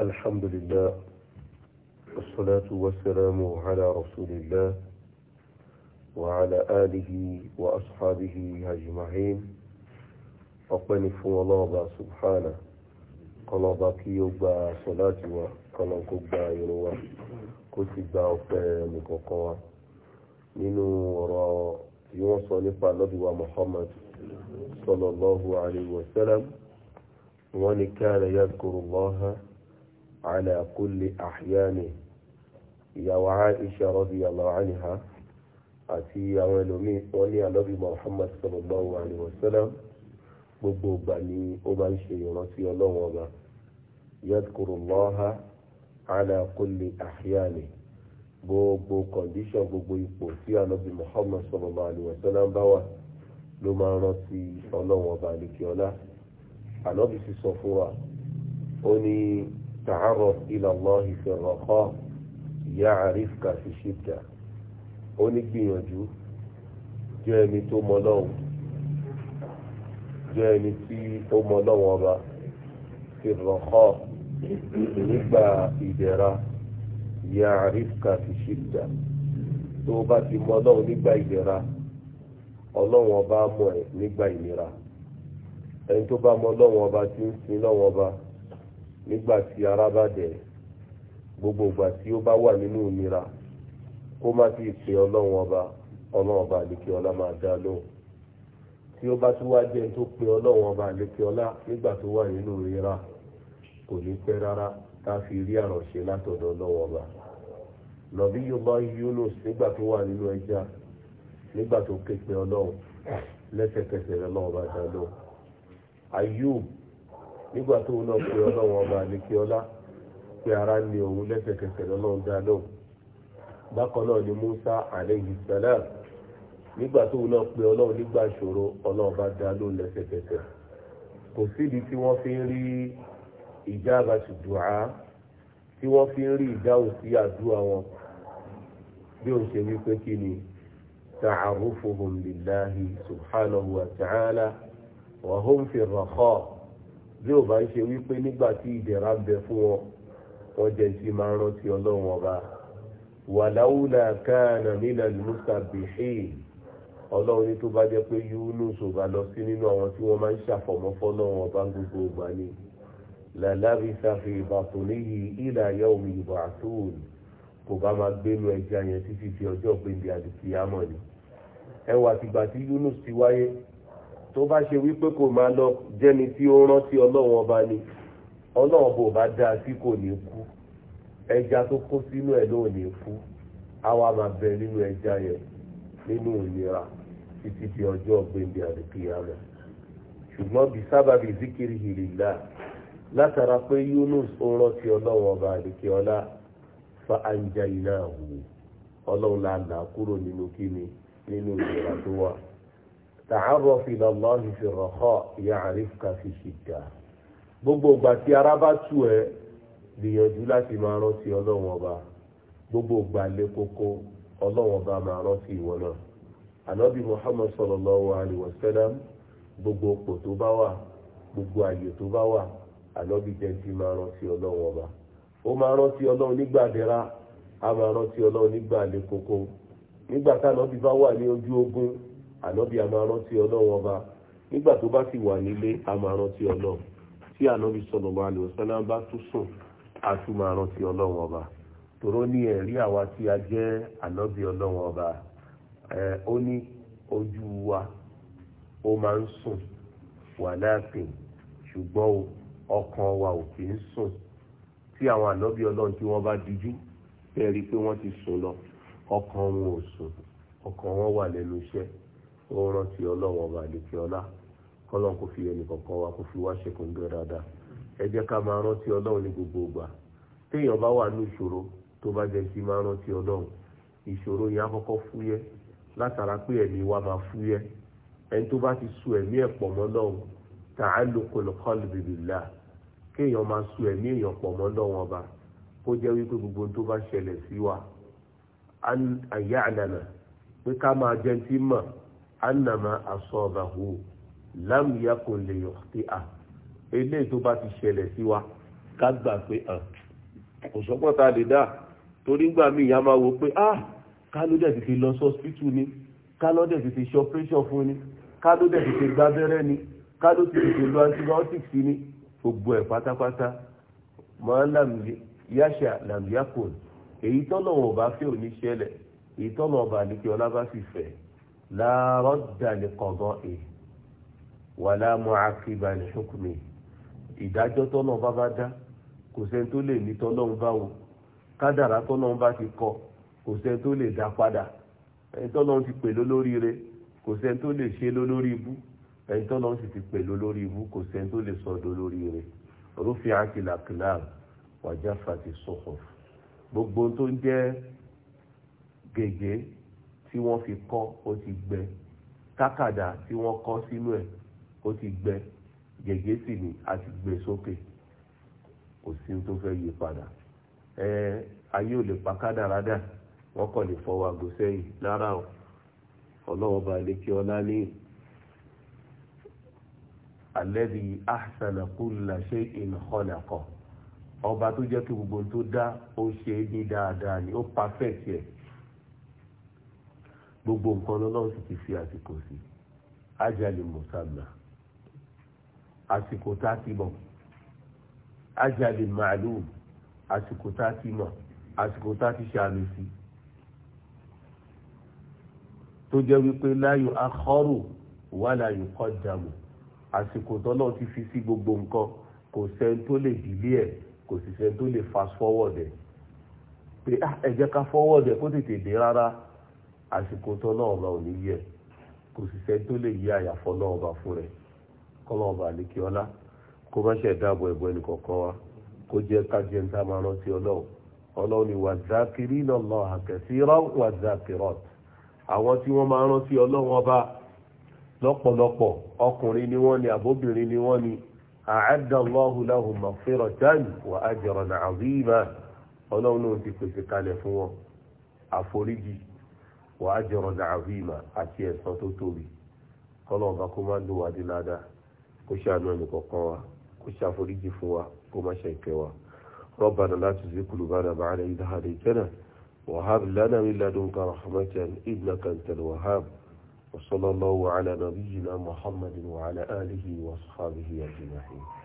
الحمد لله والصلاة والسلام على رسول الله وعلى آله وأصحابه أجمعين أقني فو الله سبحانه قال باكي يبا صلاة وقال قبا يروى كنت باوفى مكوكوا nínú ọ̀rọ̀ tí wọ́n sọ nípa lọ́bíwá Muhammad sallallahu alayhi wa sallam wọ́n ni على كل أحيانه يا عائشة رضي الله عنها àti àwọn ẹlòmíì wọn ní ànábì muhammad sallallahu alayhi wa sallam gbogbo ìgbà ni ó máa ń ṣe ìrántí ọlọ́run ọba yadkurullaha ala kulli ahyani gbogbo kọ̀ǹdíṣọ̀n gbogbo ipò tí ànábì muhammad sallallahu alayhi wa sallam bá wà ló máa ń ọba àlekíọ́lá ànábì sì sọ fún wa ó ní. تعرف إلى الله في الرخاء يعرفك في الشدة ó ní gbìyànjú jẹ́ ẹni tó mọ lọ́hùn jẹ́ ẹni tí ó mọ lọ́hùn ọba fi rọ̀kọ́ nígbà ìdẹ̀ra ya'rifka fi shidda tó bá ti mọ lọ́hùn nígbà ìdẹ̀ra ọlọ́hùn ọba mọ̀ ẹ́ nígbà ìnira ẹni tó bá mọ lọ́hùn ọba tí ń sin lọ́hùn ọba nígbà tí ara bá dẹ̀ gbogbo ìgbà tí ó bá wà nínú ìnira kó má sì pe ọlọ́run ọba ọlọ́run ọba àlekè ọlá máa dá lóhùn tí ó bá tún wá jẹ́ tó pe ọlọ́run ọba àlekè ọlá nígbà tó wà nínú ìnira kò ní pẹ́ rárá tá a fi rí àròṣe látọ̀dọ̀ ọlọ́run ọba lọ́bí yorùbá Yunus nígbà tó wà nínú ẹja nígbà tó ké pe ọlọ́run lẹ́sẹ̀kẹsẹ̀ lọ́wọ́ bá dá lóhùn Ayub nígbà tó náà pé ọlọ́run ọba àlekè ọlá pé ara ni òun lẹ́sẹ̀kẹsẹ̀ lọ́lọ́run dá lóhùn bákan náà ni Musa alayhi salam nígbà tó náà pé ọlọ́run nígbà ìṣòro ọlọ́run bá dá lóhùn lẹ́sẹ̀kẹsẹ̀ kò sídìí tí wọ́n fi ń rí ìjábà ṣùdùá tí wọ́n fi ń rí ìdáhùn sí àdúrà wọn bí ó ń ṣe wípé kí ni ta'arufuhum lillahi subhanahu wa ta'ala wa hum fi bí ò bá ń ṣe wípé nígbà tí ìdẹ̀ra ń bẹ fún wọn wọn jẹ́ ti máa rántí ọlọ́run ọba wàláwùlà káànà nílẹ̀ lùmùsà bìhí ọlọ́run ní tó bá jẹ́ pé Yunus ò bá lọ sí nínú àwọn tí wọ́n máa ń ṣàfọ̀mọ́ fọ́lọ́run ọba gbogbo ìgbà ni làlárí sáfì ìbàtòníyì ìlà ayé omi ìbò àtúwòn kò bá máa gbénu ẹja yẹn títí di ọjọ́ gbèndé àdìkìyàmọ̀ ni ẹwà tìgbà tí Yunus ti wáyé tó bá ṣe wípé kò máa lọ jẹ́ni tí ó rántí ọba ni ọlọ́run bò bá dáa tí kò ní kú ẹja tó kó sínú ẹ̀ ló ní kú àwa máa bẹ nínú ẹja yẹn nínú ìnira títí di ọjọ́ gbèndé ṣùgbọ́n bí sábàbí zikiri látara pé Yunus ó rántí ọba fa la kúrò nínú kíni nínú tó wà. تعرف ila Allahi fi raha ya'rifka fi shidda gbogbo ìgbà tí ara bá tù ẹ́ gbìyànjú láti máa rántí ọlọ́run ọba gbogbo ìgbà lé koko ọlọ́run ọba máa rántí ìwọ náà ànábì Muhammad sallallahu alayhi wa sallam gbogbo òpò tó bá wà gbogbo àyè tó bá wà ànábì jẹ́ máa rántí ọlọ́run ọba ó máa rántí ọlọ́run nígbà dẹ̀ra a máa rántí ọlọ́run nígbà lé koko nígbà tánábì bá wà ní ojú ogun ànábì a máa rántí ọlọ́run ọba nígbà tó bá sì wà nílé a máa rántí ọlọ́run tí ànábì sallallahu alaihi wasallam bá tún sùn a tún máa rántí ọlọ́run ọba tòró ní ẹ̀rí àwa tí a jẹ́ ànábì ọlọ́run ọba ó ní ojú wa ó máa ń sùn wàláàpìn ṣùgbọ́n ọkàn wa ò kì í sùn tí àwọn ànábì ọlọ́run tí wọ́n bá dijú bẹ́ẹ̀ rí i pé wọ́n ti sùn lọ ọkàn wọn ò sùn ọkàn wọn wà lẹ́nu iṣẹ́ ó ti ọlọ́run ọba àlekè ọlá kọ́lọ́n kò fi ẹnì kọ̀ọ̀kan wa kò fi wá ṣekùn gbé dáadáa ẹ ká máa gbogbo ìgbà téèyàn bá wà ní ìṣòro tó bá jẹ sí máa rántí ọlọ́run ìṣòro yẹn á kọ́kọ́ fúyẹ́ látara pé ẹ̀mí wa máa fúyẹ́ ẹni tó bá ti ẹ̀mí ẹ̀ pọ̀ mọ́ kéèyàn ọba kó jẹ́ gbogbo tó bá ṣẹlẹ̀ sí wa àyà àdànà pé ká máa anama asọ́ọ̀bàhù lámìyàkùn lè yọ̀tí à eléyìí tó bá ti ṣẹlẹ̀ sí wa ká gbà pé hàn ah, kò sọ́pọ̀ tá a lè dá torí ńgbà wo pé ah ká ló dẹ̀ ti fi lọ sọ́spítù ni ká ló dẹ̀ fi ṣe operation fún ni ká ló dẹ̀ ti fi gbábẹ́rẹ́ ni ká ló ti fi lo antibiotics ni gbogbo ẹ̀ pátápátá máa lámìyàṣà lámìyàkùn èyí tọ́lọ̀ wọn ò bá fẹ́ òní ṣẹlẹ̀ èyí tọ́lọ̀ ọba àdìkẹ́ ọlá bá sì fẹ́ لا رد لقضائه ولا معقب لحكمه ìdájọ́ tọ́nà bá bá dá kò sẹ́ni tó lè ní tọ́lọ́run bá wò kádàrá tọ́lọ́run bá ti kọ kò sẹ́ni tó lè dá padà ẹni tọ́lọ́run ti pè lólórí rẹ kò sẹ́ni tó lè ṣe lólórí ibú ẹni tọ́lọ́run sì ti pè lólórí ibú kò sẹ́ni tó lè sọ lólórí rẹ rúfì àkìlàkìlà wàjáfà ti sọ̀kọ̀ gbogbo tó ń jẹ́ gègé tí wọ́n fi kọ́ ó ti gbẹ kákàdá tí wọ́n kọ́ sínú ẹ̀ ó ti gbẹ gègé sì ni a ti gbé sókè kò sí tó fẹ́ yí padà ẹ ayé ò lè pa kádàrádà wọ́n kàn lè fọwọ́ àgọ́ sẹ́yìn lára o ọlọ́wọ́ bá lè kí ọlá ní alladhi ahsana kulla shay'in khalaqa ọba tó jẹ́ kí gbogbo tó dá ó ṣe é ní dáadáa ni ó pàfẹ́ẹ̀tì ẹ̀ gbogbo nǹkan lọ́lọ́run sì ti fi àsìkò sí ajali musamma àsìkò tá a ti mọ̀ ajali ma'lum àsìkò tá a ti mọ̀ àsìkò tá a ti ṣàlù sí tó jẹ́ wípé la yu'akhkharu wala yuqaddamu àsìkò tọ́lọ́ ti fi sí gbogbo nǹkan kò sẹ́ni tó lè dìlé ẹ̀ kò sì sẹ́ni tó lè fast forward ẹ̀ pé ah, ẹ ká forward ẹ̀ kó tètè dé rárá. àsìkò tó náà bá ò ní yẹ kò sì sẹ́ tó lè yí àyàfọ́ náà bá fún rẹ̀ kọ́lọ́ọ̀ bá lè kí ọlá kó má ṣe dáàbò ẹ̀bọ ẹnì kọ̀ọ̀kan wa kó jẹ́ ká ń tá máa rántí ọlọ́run ọlọ́run ni àwọn tí wọ́n máa rántí ọlọ́run ọba lọ́pọ̀lọpọ̀ ọkùnrin ni wọ́n ni àbóbìnrin ni wọ́n ni ti wàá jọrọ dàbí ìmà àti ẹ̀san tó tóbi kọ́lọ̀ ọba kó má lò wá dé ládàá kó ṣàánú ẹnì kọ̀ọ̀kan wa kó ṣàforíjì fún wa kó má ṣe ìkẹ́ wa rọ́bàdàn láti zí kùlùbánà bàálẹ̀ ìdáhàdé ìkẹ́nà wàhábì lánàá mi ládùn kan rahmatan ìdnàkà tẹ̀lé wàhábì وصلى الله على نبينا محمد وعلى آله وصحبه أجمعين